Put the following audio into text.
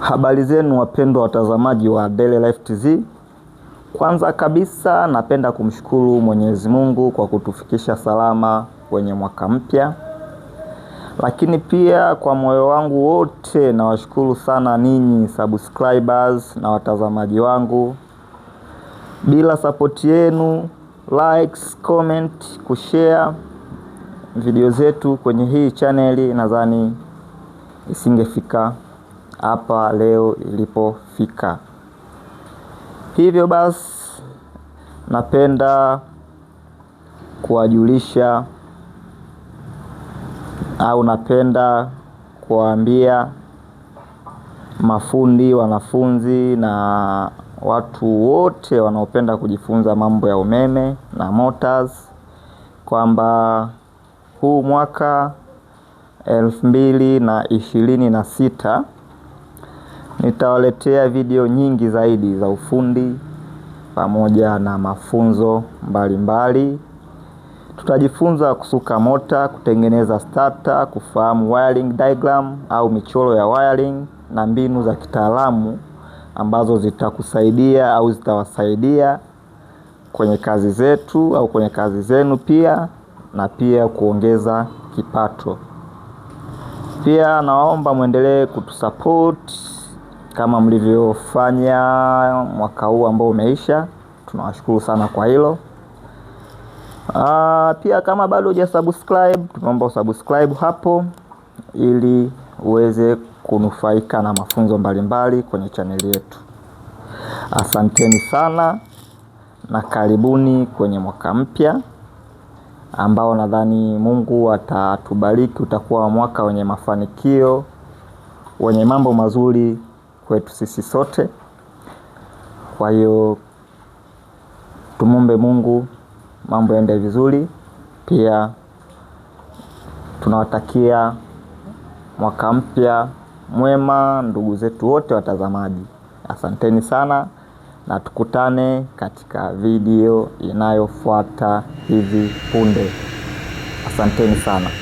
Habari zenu wapendwa watazamaji wa Daily Life TZ. Kwanza kabisa napenda kumshukuru Mwenyezi Mungu kwa kutufikisha salama kwenye mwaka mpya, lakini pia kwa moyo wangu wote nawashukuru sana ninyi subscribers na watazamaji wangu. Bila sapoti yenu, likes, comment, kushare video zetu kwenye hii chaneli, nadhani isingefika hapa leo ilipofika. Hivyo basi, napenda kuwajulisha au napenda kuwaambia mafundi, wanafunzi na watu wote wanaopenda kujifunza mambo ya umeme na motors kwamba huu mwaka elfu mbili na ishirini na sita Nitawaletea video nyingi zaidi za ufundi pamoja na mafunzo mbalimbali mbali. Tutajifunza kusuka mota, kutengeneza starter, kufahamu wiring diagram au michoro ya wiring na mbinu za kitaalamu ambazo zitakusaidia au zitawasaidia kwenye kazi zetu au kwenye kazi zenu pia na pia kuongeza kipato. Pia nawaomba mwendelee kutusupport kama mlivyofanya mwaka huu ambao umeisha, tunawashukuru sana kwa hilo. Ah, pia kama bado huja subscribe, tunaomba usubscribe hapo ili uweze kunufaika na mafunzo mbalimbali kwenye chaneli yetu. Asanteni sana na karibuni kwenye mwaka mpya ambao nadhani Mungu atatubariki, utakuwa mwaka wenye mafanikio wenye mambo mazuri kwetu sisi sote. Kwa hiyo tumombe Mungu mambo yaende vizuri. Pia tunawatakia mwaka mpya mwema ndugu zetu wote watazamaji. Asanteni sana na tukutane katika video inayofuata hivi punde. Asanteni sana.